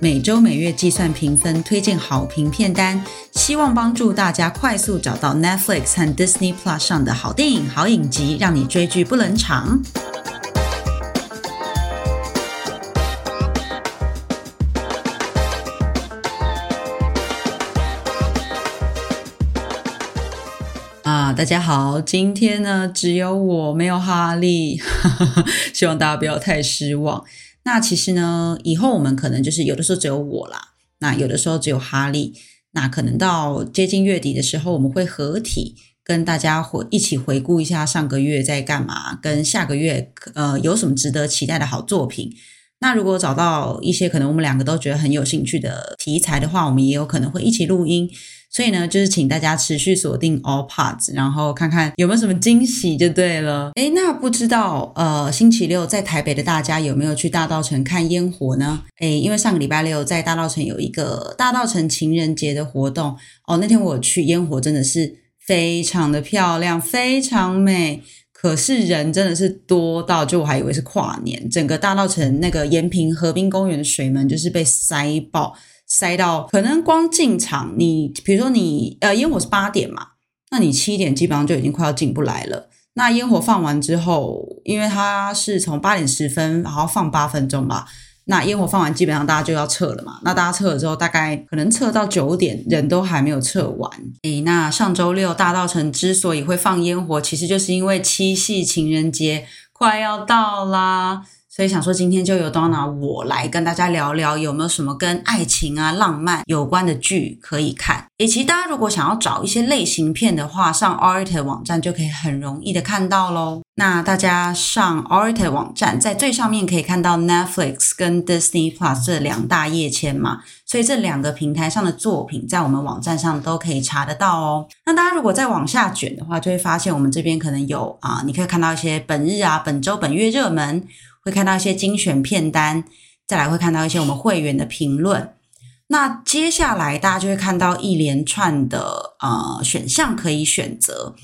每週每月計算評分，推薦好評片單，希望幫助大家快速找到 Netflix 和 Disney Plus 上的好電影、好影集，讓你追劇不冷場。啊，大家好，今天呢只有我沒有哈利， 希望大家不要太失望。那其實呢，以後我們可能就是有的時候只有我啦，那有的時候只有哈利，那可能到接近月底的時候，我們會合體跟大家回一起回顧一下上個月在幹嘛，跟下個月呃有什麼值得期待的好作品。那如果找到一些可能我們兩個都覺得很有興趣的題材的話，我們也有可能會一起錄音。所以呢，就是請大家持續鎖定 awwrated，然後看看有沒有什麼驚喜就對了。誒，那不知道，呃，星期六在台北的大家有沒有去大稻埕看煙火呢？誒，因為上個禮拜六在大稻埕有一個大稻埕情人節的活動哦。那天我去煙火真的是非常的漂亮，非常美，可是人真的是多到就我還以為是跨年，整個大稻埕那個延平河濱公園的水門就是被塞爆。塞到可能光進場，你比如說你呃煙火是八點嘛，那你七點基本上就已經快要進不來了。那煙火放完之後，因為它是從八點十分然後放八分鐘嘛，那煙火放完基本上大家就要撤了嘛。那大家撤了之後，大概可能撤到九點，人都還沒有撤完。誒、欸、那上週六大稻埕之所以會放煙火，其實就是因為七夕情人節快要到啦。所以想說，今天就由多拿我來跟大家聊聊有沒有什麼跟愛情啊、浪漫有關的劇可以看，以及大家如果想要找一些類型片的話，上 awwrated 網站就可以很容易的看到嘍。那大家上 awwrated 網站，在最上面可以看到 Netflix 跟 Disney Plus 這兩大頁籤嘛，所以這兩個平台上的作品在我們網站上都可以查得到哦。那大家如果再往下捲的話，就會發現我們這邊可能有啊，你可以看到一些本日啊、本週、本月熱門。會看到一些精選片單，再來會看到一些我們會員的評論。那接下來大家就會看到一連串的呃選項可以選擇。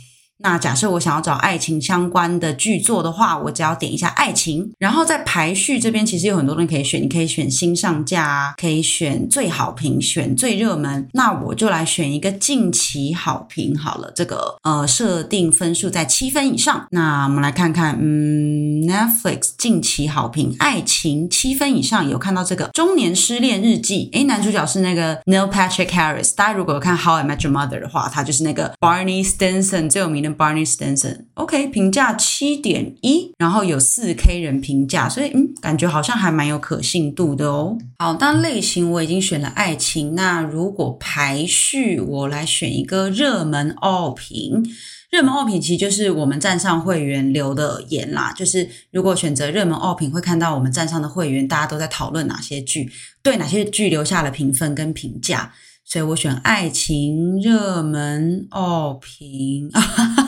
那假設我想要找愛情相關的劇作的話，我只要點一下愛情，然後在排序這邊其實有很多東西可以選，你可以選新上架，可以選最好評，選最熱門。那我就來選一個近期好評好了，這個呃設定分數在七分以上。那我們來看看，嗯，Netflix 近期好評愛情七分以上，有看到這個《中年失戀日記》。誒，男主角是那個 Neil Patrick Harris。大家如果有看《How I Met Your Mother》的話，他就是那個 Barney Stinson 最有名的。Barney s t a n s o n o k 評價七點一，然後有四 K 人評價，所以嗯，感覺好像還蠻有可信度的哦。好，當類型我已經選了愛情，那如果排序我來選一個熱門奧品，熱門奧品其實就是我們站上會員留的言啦，就是如果選擇熱門奧品，會看到我們站上的會員大家都在討論哪些劇，對哪些劇留下了評分跟評價，所以我選愛情熱門奧品。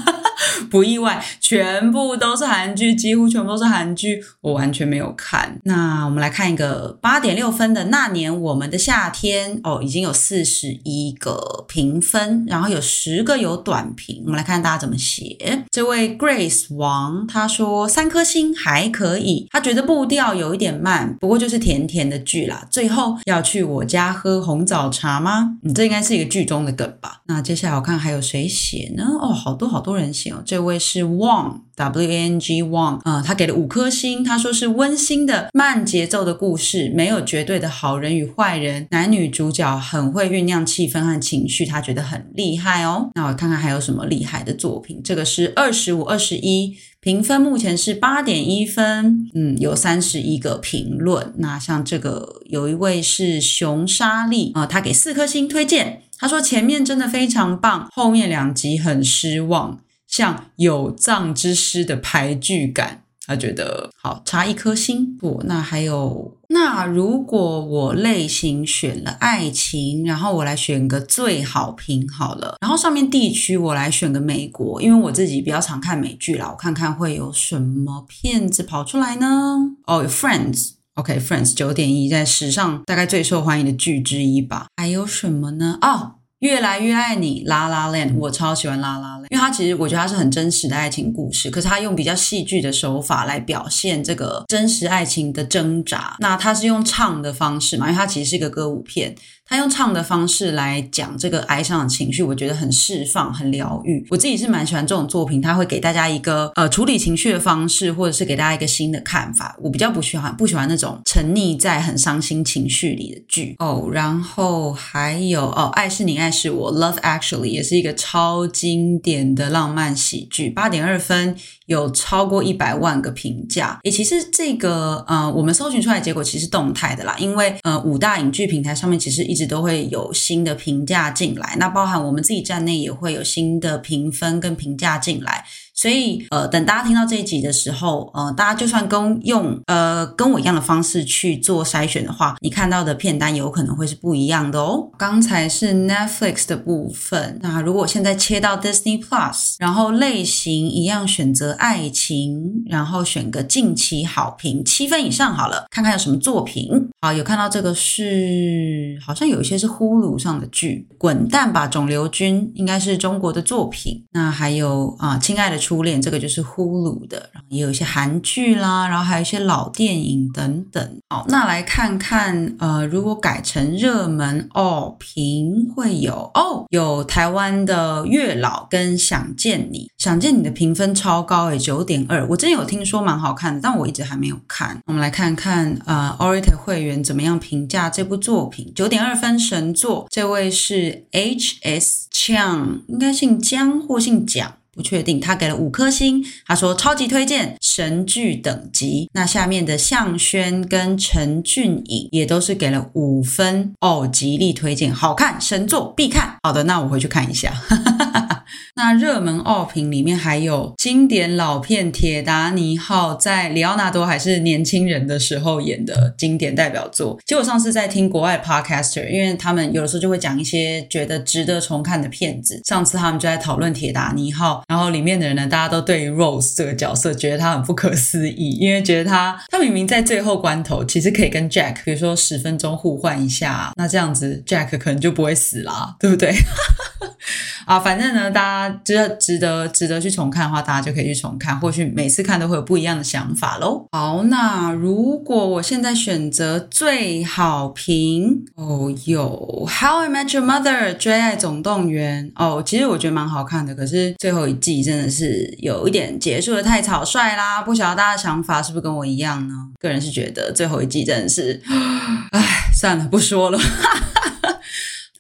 不意外，全部都是韓劇，幾乎全部都是韓劇，我完全沒有看。那我們來看一個八點六分的《那年我們的夏天》哦，已經有四十一個評分，然後有十個有短評。我們來看大家怎麼寫。這位 Grace 王，他說三顆星還可以，他覺得步調有一點慢，不過就是甜甜的劇啦。最後要去我家喝紅棗茶嗎？你、嗯、這應該是一個劇中的梗吧？那接下來我看還有誰寫呢？哦，好多好多人寫哦。這位是 Wang，W、A、N、G Wang，啊、呃，他給了五顆星，他說是溫馨的慢節奏的故事，沒有絕對的好人與壞人，男女主角很會醞釀氣氛和情緒，他覺得很厲害哦。那我看看還有什麼厲害的作品，這個是二十五二十一，評分目前是八點一分，嗯，有三十一個評論。那像這個有一位是熊莎莉啊，他給四顆星推薦，他說前面真的非常棒，後面兩集很失望。像有葬之詩的排劇感，他覺得好查一顆星不、哦？那還有那如果我類型選了愛情，然後我來選個最好評好了。然後上面地區我來選個美國，因為我自己比較常看美劇啦。我看看會有什麼片子跑出來呢？哦、oh,，Friends，OK，Friends，okay, 有九點一，在史上大概最受歡迎的劇之一吧。還有什麼呢？哦、oh,。越來越愛你，La La Land。我超喜歡 La La Land，因為它其實我覺得它是很真實的愛情故事，可是它用比較戲劇的手法來表現這個真實愛情的掙扎。那它是用唱的方式嘛，因為它其實是一個歌舞片。他用唱的方式來講這個哀傷的情緒，我覺得很釋放、很療癒。我自己是蠻喜歡這種作品，他會給大家一個呃處理情緒的方式，或者是給大家一個新的看法。我比較不喜歡不喜歡那種沉溺在很傷心情緒裡的劇哦。然後還有哦，《愛是你，愛是我》（Love Actually） 也是一個超經典的浪漫喜劇，八點二分，有超過一百萬個評價。誒，其實這個呃，我們搜尋出來的結果其實動態的啦，因為呃，五大影劇平台上面其實一一直都會有新的評價進來，那包含我們自己站內也會有新的評分跟評價進來。所以，呃，等大家聽到這一集的時候，呃，大家就算跟用呃跟我一樣的方式去做篩選的話，你看到的片單有可能會是不一樣的哦。剛才是 Netflix 的部分，那如果現在切到 Disney Plus，然後類型一樣選擇愛情，然後選個近期好評七分以上好了，看看有什麼作品。好，有看到這個是，好像有一些是 Hulu 上的劇，滾蛋吧，腫瘤君應該是中國的作品。那還有啊，呃，親愛的。初戀，這個就是 Hulu 的，然後也有一些韓劇啦，然後還有一些老電影等等。好，那來看看呃，如果改成熱門哦評會有哦有台灣的月老跟想見你，想見你的評分超高，誒，九點二。我真的有聽說蠻好看的，但我一直還沒有看。我們來看看呃，awwrated 會員怎麼樣評價這部作品？九點二分神作。這位是 HS Chang，應該姓薑或姓蔣。不確定，他給了五顆星，他說超級推薦，神劇等級。那下面的向軒跟陳俊穎也都是給了五分哦，極力推薦，好看，神作必看。好的，那我回去看一下。 那熱門奧評裡面還有經典老片《鐵達尼號》，在里奧納多還是年輕人的時候演的經典代表作。結果上次在聽國外 podcaster，因為他們有的時候就會講一些覺得值得重看的片子。上次他們就在討論《鐵達尼號》，然後裡面的人呢，大家都對於 Rose 這個角色覺得他很不可思議，因為覺得他他明明在最後關頭，其實可以跟 Jack 比如說十分鐘互換一下，那這樣子 Jack 可能就不會死啦，對不對？哈哈哈。啊，反正呢，大家。值得值得值得去重看的話，大家就可以去重看，或許每次看都會有不一樣的想法嘍。好，那如果我現在選擇最好評哦，有《How I Met Your Mother》《追愛總動員》哦，其實我覺得蠻好看的，可是最後一季真的是有一點結束的太草率啦。不曉得大家的想法是不是跟我一樣呢？個人是覺得最後一季真的是，唉，算了，不說了。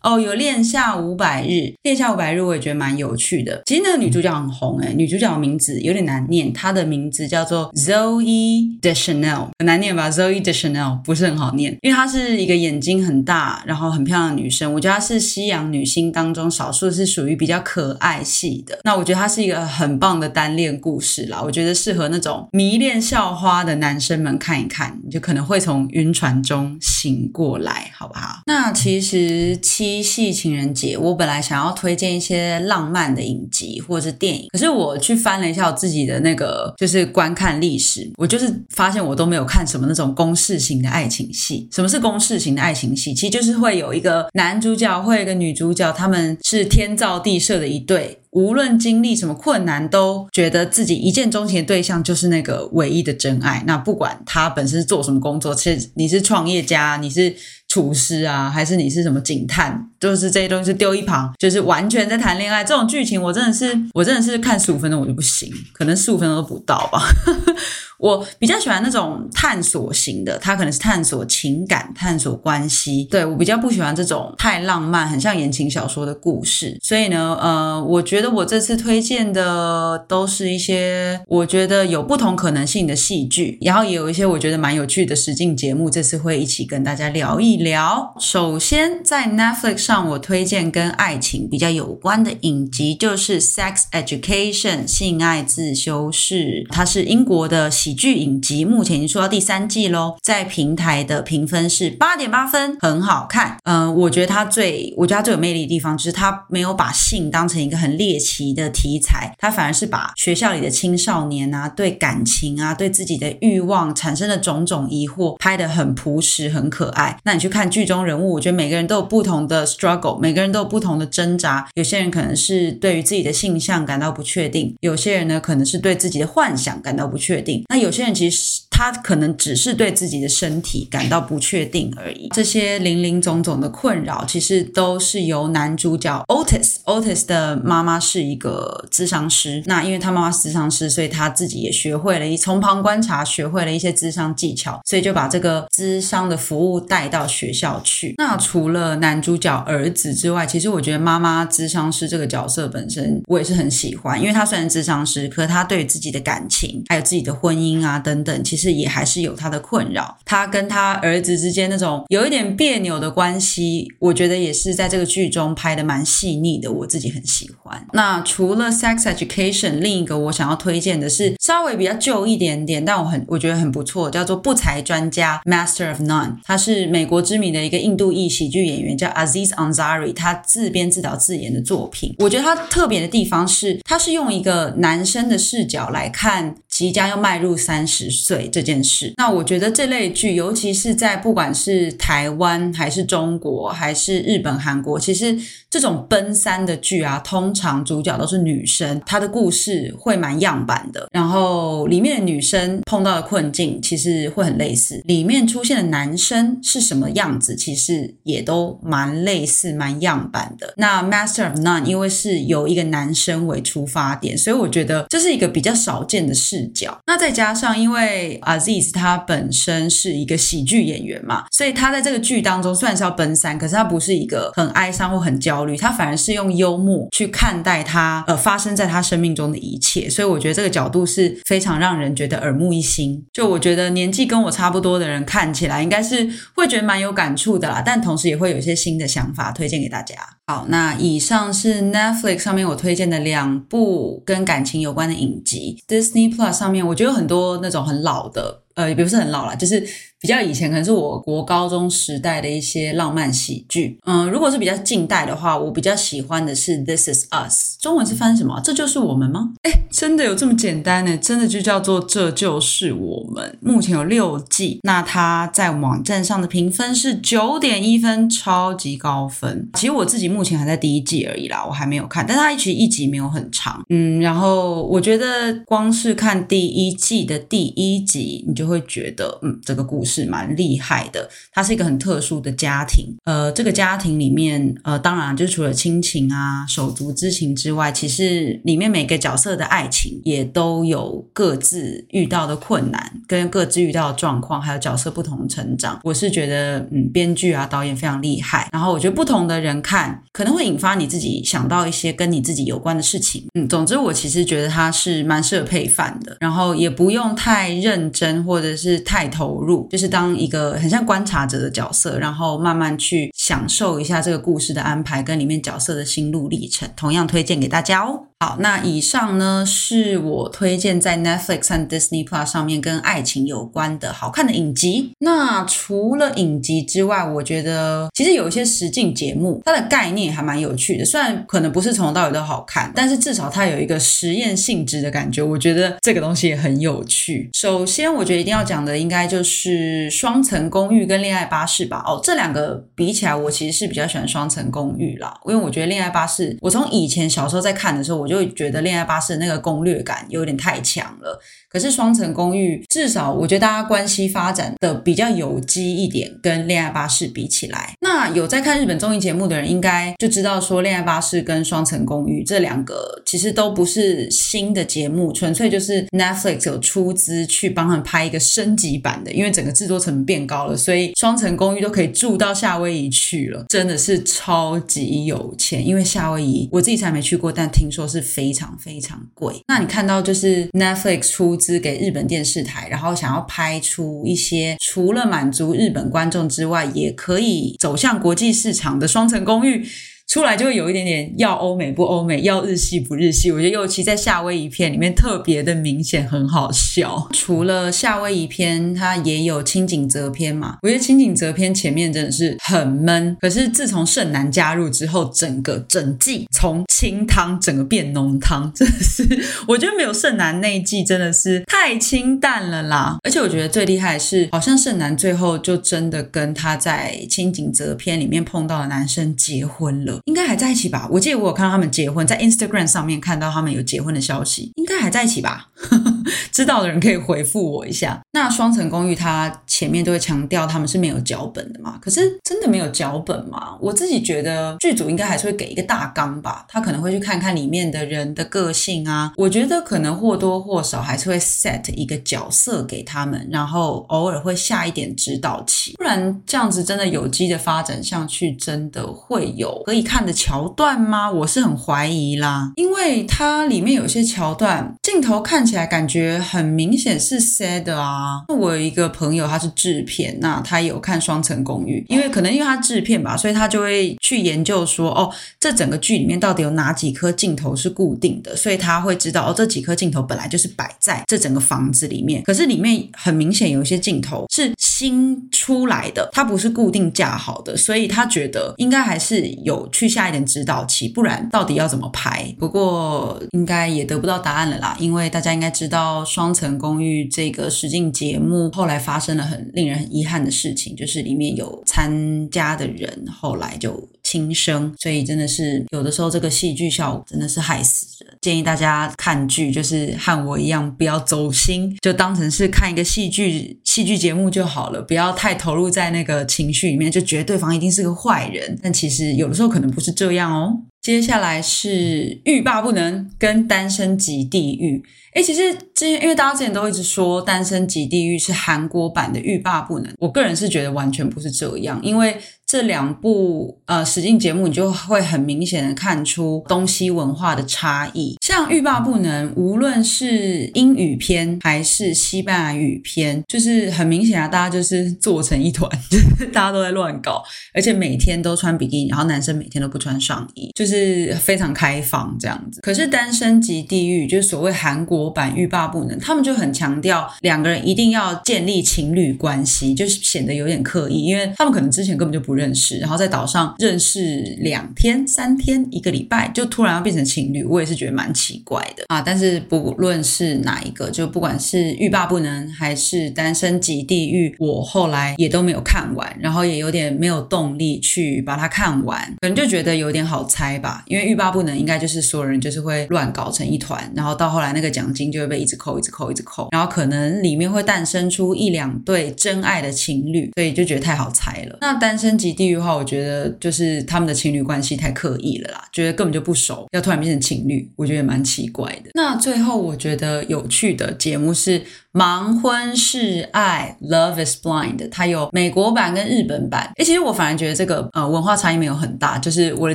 哦，oh, 有《戀夏五百日》，《戀夏五百日》我也覺得蠻有趣的。其實那個女主角很紅誒、欸，嗯、女主角的名字有點難念，她的名字叫做 Zooey Deschanel，很難念吧？Zooey Deschanel 不是很好念，因為她是一個眼睛很大，然後很漂亮的女生。我覺得她是西洋女星當中少數是屬於比較可愛系的。那我覺得她是一個很棒的單戀故事啦，我覺得適合那種迷戀校花的男生們看一看，你就可能會從暈船中醒過來，好不好？那其實七。七夕情人節，我本來想要推薦一些浪漫的影集或者是電影，可是我去翻了一下我自己的那個就是觀看歷史，我就是發現我都沒有看什麼那種公式型的愛情戲。什麼是公式型的愛情戲？其實就是會有一個男主角會有一個女主角，他們是天造地設的一對，無論經歷什麼困難，都覺得自己一見鍾情的對象就是那個唯一的真愛。那不管他本身是做什麼工作，其實你是創業家，你是。廚師啊，還是你是什麼警探？就是這些東西丟一旁，就是完全在談戀愛這種劇情我真的是，我真的是我真的是看十五分鐘我就不行，可能十五分鐘都不到吧。 我比較喜歡那種探索型的，它可能是探索情感、探索關係。對，我比較不喜歡這種太浪漫、很像言情小說的故事。所以呢，呃，我覺得我這次推薦的都是一些我覺得有不同可能性的戲劇，然後也有一些我覺得蠻有趣的實境節目。這次會一起跟大家聊一聊。首先在 Netflix 上我推薦跟愛情比較有關的影集，就是《Sex Education》性愛自修室，它是英國的喜劇影集，目前已經出到第三季咯，在平台的評分是八點八分，很好看。嗯、呃，我覺得它最我覺得它最有魅力的地方，就是它沒有把性當成一個很獵奇的題材，它反而是把學校裡的青少年啊，對感情啊，對自己的慾望產生的種種疑惑拍得很樸實、很可愛。那你去看劇中人物，我覺得每個人都有不同的。struggle，每個人都有不同的掙扎。有些人可能是對於自己的性向感到不確定，有些人呢可能是對自己的幻想感到不確定。那有些人其實他可能只是對自己的身體感到不確定而已。這些林林總總的困擾，其實都是由男主角 Otis Otis 的媽媽是一個諮商師。那因為他媽媽是諮商師，所以他自己也學會了一從旁觀察，學會了一些諮商技巧，所以就把這個諮商的服務帶到學校去。那除了男主角。兒子之外，其實我覺得媽媽諮商師這個角色本身，我也是很喜歡。因為她雖然諮商師，可是她對自己的感情，還有自己的婚姻啊等等，其實也還是有她的困擾。她跟她兒子之間那種有一點彆扭的關係，我覺得也是在這個劇中拍的蠻細膩的。我自己很喜歡。那除了《Sex Education》，另一個我想要推薦的是稍微比較舊一點點，但我很我覺得很不錯，叫做《不才專家》（Master of None）。他是美國知名的一個印度裔喜劇演員，叫 Aziz。Ansari, 他自編自導自演的作品，我覺得他特別的地方是，他是用一個男生的視角來看即將要邁入三十歲這件事。那我覺得這類劇，尤其是在不管是台灣還是中國還是日本、韓國，其實，這種奔三的劇啊，通常主角都是女生，她的故事會蠻樣板的。然後裡面的女生碰到的困境其實會很類似，裡面出現的男生是什麼樣子，其實也都蠻類似、蠻樣板的。那 Master of None 因為是由一個男生為出發點，所以我覺得這是一個比較少見的視角。那再加上因為 Aziz 他本身是一個喜劇演員嘛，所以他在這個劇當中算是要奔三，可是他不是一個很哀傷或很焦慮，他反而是用幽默去看待他，呃，發生在他生命中的一切，所以我覺得這個角度是非常讓人覺得耳目一新。就我覺得年紀跟我差不多的人看起來，應該是會覺得蠻有感觸的啦，但同時也會有一些新的想法推薦給大家。好，那以上是 Netflix 上面我推薦的兩部跟感情有關的影集，Disney Plus 上面我覺得很多那種很老的，呃，也不是很老了，就是。比較以前可能是我國高中時代的一些浪漫喜劇，嗯，如果是比較近代的話，我比較喜歡的是《This Is Us》，中文是翻什麼？嗯，這就是我們嗎？哎，真的有這麼簡單呢？真的就叫做這就是我們。目前有六季，那它在網站上的評分是九點一分，超級高分。其實我自己目前還在第一季而已啦，我還沒有看，但它其實一集沒有很長，嗯，然後我覺得光是看第一季的第一集，你就會覺得，嗯，這個故事。是蠻厲害的，他是一個很特殊的家庭。呃，這個家庭裡面，呃，當然就除了親情啊、手足之情之外，其實裡面每個角色的愛情也都有各自遇到的困難，跟各自遇到的狀況，還有角色不同的成長。我是覺得，嗯，編劇啊、導演非常厲害。然後我覺得不同的人看，可能會引發你自己想到一些跟你自己有關的事情。嗯，總之，我其實覺得它是蠻適合配飯的。然後也不用太認真，或者是太投入。就是當一個很像觀察者的角色，然後慢慢去享受一下這個故事的安排跟裡面角色的心路歷程，同樣推薦給大家哦。好，那以上呢，是我推薦在 Netflix 和 Disney Plus 上面跟愛情有關的好看的影集。那除了影集之外，我覺得其實有一些實境節目，它的概念也還蠻有趣的。雖然可能不是從頭到尾都好看，但是至少它有一個實驗性質的感覺。我覺得這個東西也很有趣。首先，我覺得一定要講的應該就是《雙層公寓》跟《戀愛巴士》吧。哦，這兩個比起來，我其實是比較喜歡《雙層公寓》啦，因為我覺得《戀愛巴士》，我從以前小時候在看的時候，我。我就覺得《戀愛巴士》那個攻略感有點太強了。可是雙層公寓，至少我覺得大家關係發展的比較有機一點，跟《戀愛巴士》比起來，那有在看日本綜藝節目的人應該就知道說，《戀愛巴士》跟《雙層公寓》這兩個其實都不是新的節目，純粹就是 Netflix 有出資去幫他們拍一個升級版的，因為整個製作成本變高了，所以雙層公寓都可以住到夏威夷去了，真的是超級有錢，因為夏威夷我自己才沒去過，但聽說是非常非常貴。那你看到就是 Netflix 出資。是給日本電視台，然後想要拍出一些除了滿足日本觀眾之外，也可以走向國際市場的雙層公寓。出來就會有一點點要歐美不歐美，要日系不日系。我覺得尤其在夏威夷篇裡面特別的明顯，很好笑。除了夏威夷篇，它也有輕井澤篇嘛。我覺得輕井澤篇前面真的是很悶，可是自從聖南加入之後，整個整季從清湯整個變濃湯，真的是我覺得沒有聖南那一季真的是太清淡了啦。而且我覺得最厲害的是，好像聖南最後就真的跟他在輕井澤篇裡面碰到的男生結婚了。應該還在一起吧？我記得我有看到他們結婚，在 Instagram 上面看到他們有結婚的消息，應該還在一起吧？ 知道的人可以回復我一下。那雙層公寓，它前面都會強調他們是沒有腳本的嘛？可是真的沒有腳本嗎？我自己覺得劇組應該還是會給一個大綱吧。他可能會去看看裡面的人的個性啊，我覺得可能或多或少還是會 set 一個角色給他們，然後偶爾會下一點指導棋，不然這樣子真的有機的發展上去，真的會有可以看的橋段嗎？我是很懷疑啦，因為它裡面有些橋段。鏡頭看起來感覺很明顯是 sad 啊。我有一個朋友，他是製片，那他有看《雙層公寓》，因為可能因為他製片吧，所以他就會去研究說，哦，這整個劇裡面到底有哪幾顆鏡頭是固定的，所以他會知道，哦，這幾顆鏡頭本來就是擺在這整個房子裡面，可是裡面很明顯有一些鏡頭是新出來的，他不是固定架好的，所以他覺得應該還是有去下一點指導期，不然到底要怎麼拍？不過應該也得不到答案了啦，因為大家應該知道《雙層公寓》這個實境節目後來發生了很令人很遺憾的事情，就是裡面有參加的人後來就。輕生，所以真的是有的時候這個戲劇效果真的是害死人。建議大家看劇，就是和我一樣，不要走心，就當成是看一個戲劇、戲劇節目就好了，不要太投入在那個情緒裡面，就覺得對方一定是個壞人。但其實有的時候可能不是這樣哦。接下來是欲罷不能，跟單身即地獄。欸，其實之前因為大家之前都一直說《單身即地獄》是韓國版的《欲罷不能》，我個人是覺得完全不是這樣。因為這兩部呃，實境節目你就會很明顯的看出東西文化的差異。像《欲罷不能》，無論是英語片還是西班牙語片，就是很明顯啊，大家就是做成一團，就是、大家都在亂搞，而且每天都穿比基尼，然後男生每天都不穿上衣，就是非常開放這樣子。可是《單身即地獄》就是所謂韓國。版慾罷不能，他們就很強調兩個人一定要建立情侶關係，就是顯得有點刻意，因為他們可能之前根本就不認識，然後在島上認識兩天、三天、一個禮拜，就突然要變成情侶。我也是覺得蠻奇怪的啊！但是不論是哪一個，就不管是慾罷不能還是單身即地獄，我後來也都沒有看完，然後也有點沒有動力去把它看完，可能就覺得有點好猜吧。因為慾罷不能應該就是所有人就是會亂搞成一團，然後到後來那個講。金就會被一直扣，一直扣，一直扣，然後可能裡面會誕生出一兩對真愛的情侶，所以就覺得太好猜了。那單身即地獄的話，我覺得就是他們的情侶關係太刻意了啦，覺得根本就不熟，要突然變成情侶，我覺得也蠻奇怪的。那最後我覺得有趣的節目是。盲婚試愛，Love is Blind，它有美國版跟日本版。誒、欸，其實我反而覺得這個呃文化差異沒有很大，就是我的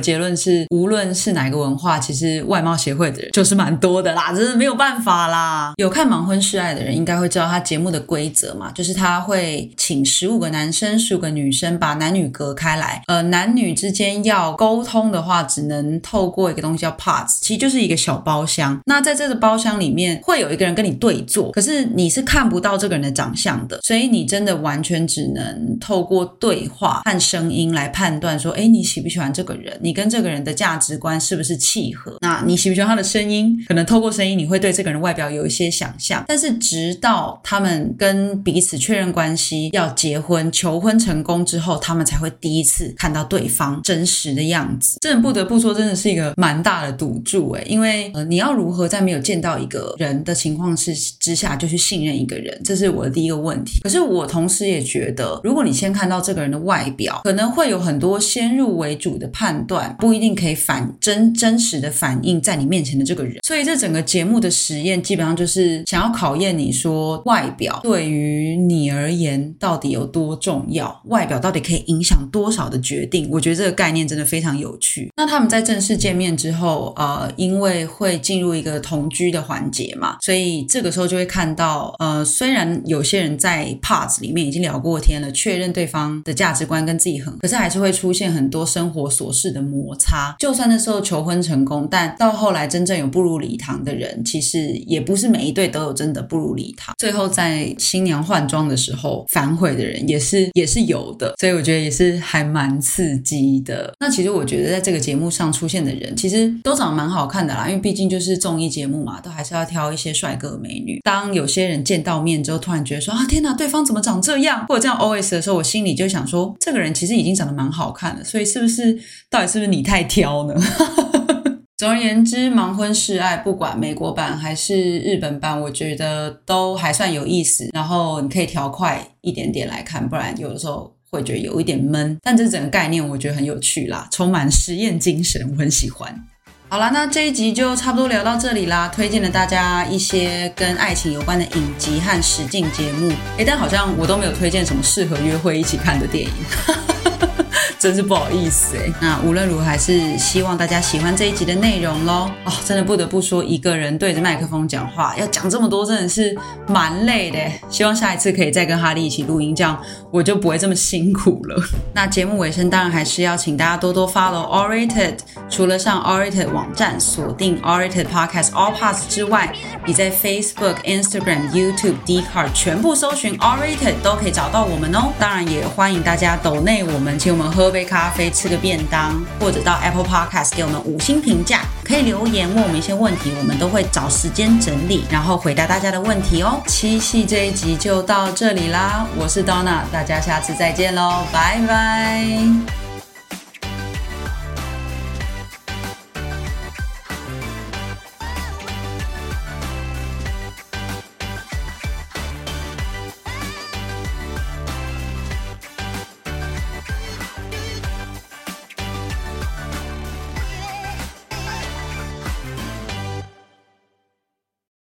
結論是，無論是哪個文化，其實外貌協會的人就是蠻多的啦，真是沒有辦法啦。有看盲婚試愛的人應該會知道它節目的規則嘛，就是他會請十五個男生、十五個女生把男女隔開來，呃，男女之間要溝通的話，只能透過一個東西叫 Pods，其實就是一個小包廂。那在這個包廂裡面會有一個人跟你對坐，可是你。是看不到這個人的長相的，所以你真的完全只能透過對話和聲音來判斷說，哎，你喜不喜歡這個人？你跟這個人的價值觀是不是契合？那你喜不喜歡他的聲音？可能透過聲音，你會對這個人外表有一些想象。但是，直到他們跟彼此確認關係，要結婚、求婚成功之後，他們才會第一次看到對方真實的樣子。這很不得不說，真的是一個蠻大的賭注誒，因為呃，你要如何在沒有見到一個人的情況是之下，就去信？認一個人，這是我的第一個問題。可是我同時也覺得，如果你先看到這個人的外表，可能會有很多先入為主的判斷，不一定可以反真真實的反映在你面前的這個人。所以，這整個節目的實驗基本上就是想要考驗你說，外表對於你而言到底有多重要？外表到底可以影響多少的決定？我覺得這個概念真的非常有趣。那他們在正式見面之後，呃，因為會進入一個同居的環節嘛，所以這個時候就會看到。呃，雖然有些人在 Pods 裡面已經聊過天了，確認對方的價值觀跟自己很，可是還是會出現很多生活瑣事的摩擦。就算那時候求婚成功，但到後來真正有步入禮堂的人，其實也不是每一對都有真的步入禮堂。最後在新娘換裝的時候反悔的人也是也是有的，所以我覺得也是還蠻刺激的。那其實我覺得在這個節目上出現的人，其實都長得蠻好看的啦，因為畢竟就是綜藝節目嘛，都還是要挑一些帥哥美女。當有些人見到面之後，突然覺得說啊，天哪，對方怎麼長這樣？或者這樣 OS 的時候，我心裡就想說，這個人其實已經長得蠻好看了，所以是不是到底是不是你太挑呢？ 總而言之，盲婚試愛，不管美國版還是日本版，我覺得都還算有意思。然後你可以調快一點點來看，不然有的時候會覺得有一點悶。但這整個概念我覺得很有趣啦，充滿實驗精神，我很喜歡。好啦，那這一集就差不多聊到這裡啦。推薦了大家一些跟愛情有關的影集和實境節目，誒、欸、但好像我都沒有推薦什麼適合約會一起看的電影。 真是不好意思誒、欸，那無論如何，還是希望大家喜歡這一集的內容嘍。哦，真的不得不說，一個人對着麥克風講話，要講這麼多，真的是蠻累的、欸。希望下一次可以再跟哈利一起錄音，這樣我就不會這麼辛苦了。那節目尾聲，當然還是要請大家多多 follow awwrated，除了上 awwrated 網站鎖定 awwrated podcast all pass 之外，你在 Facebook、Instagram、YouTube、Dcard 全部搜尋 awwrated 都可以找到我們哦。當然也歡迎大家鬥內我們，請我們喝。喝杯咖啡，吃個便當，或者到 Apple Podcast 給我們五星評價，可以留言問我們一些問題，我們都會找時間整理，然後回答大家的問題哦。七夕這一集就到這裡啦，我是 Donna，大家下次再見嘍，拜拜。